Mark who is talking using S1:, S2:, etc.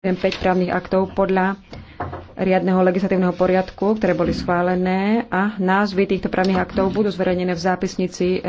S1: 5 právnych aktov podľa riadneho legislatívneho poriadku, ktoré boli schválené a názvy týchto právnych aktov budú zverejnené v zápisnici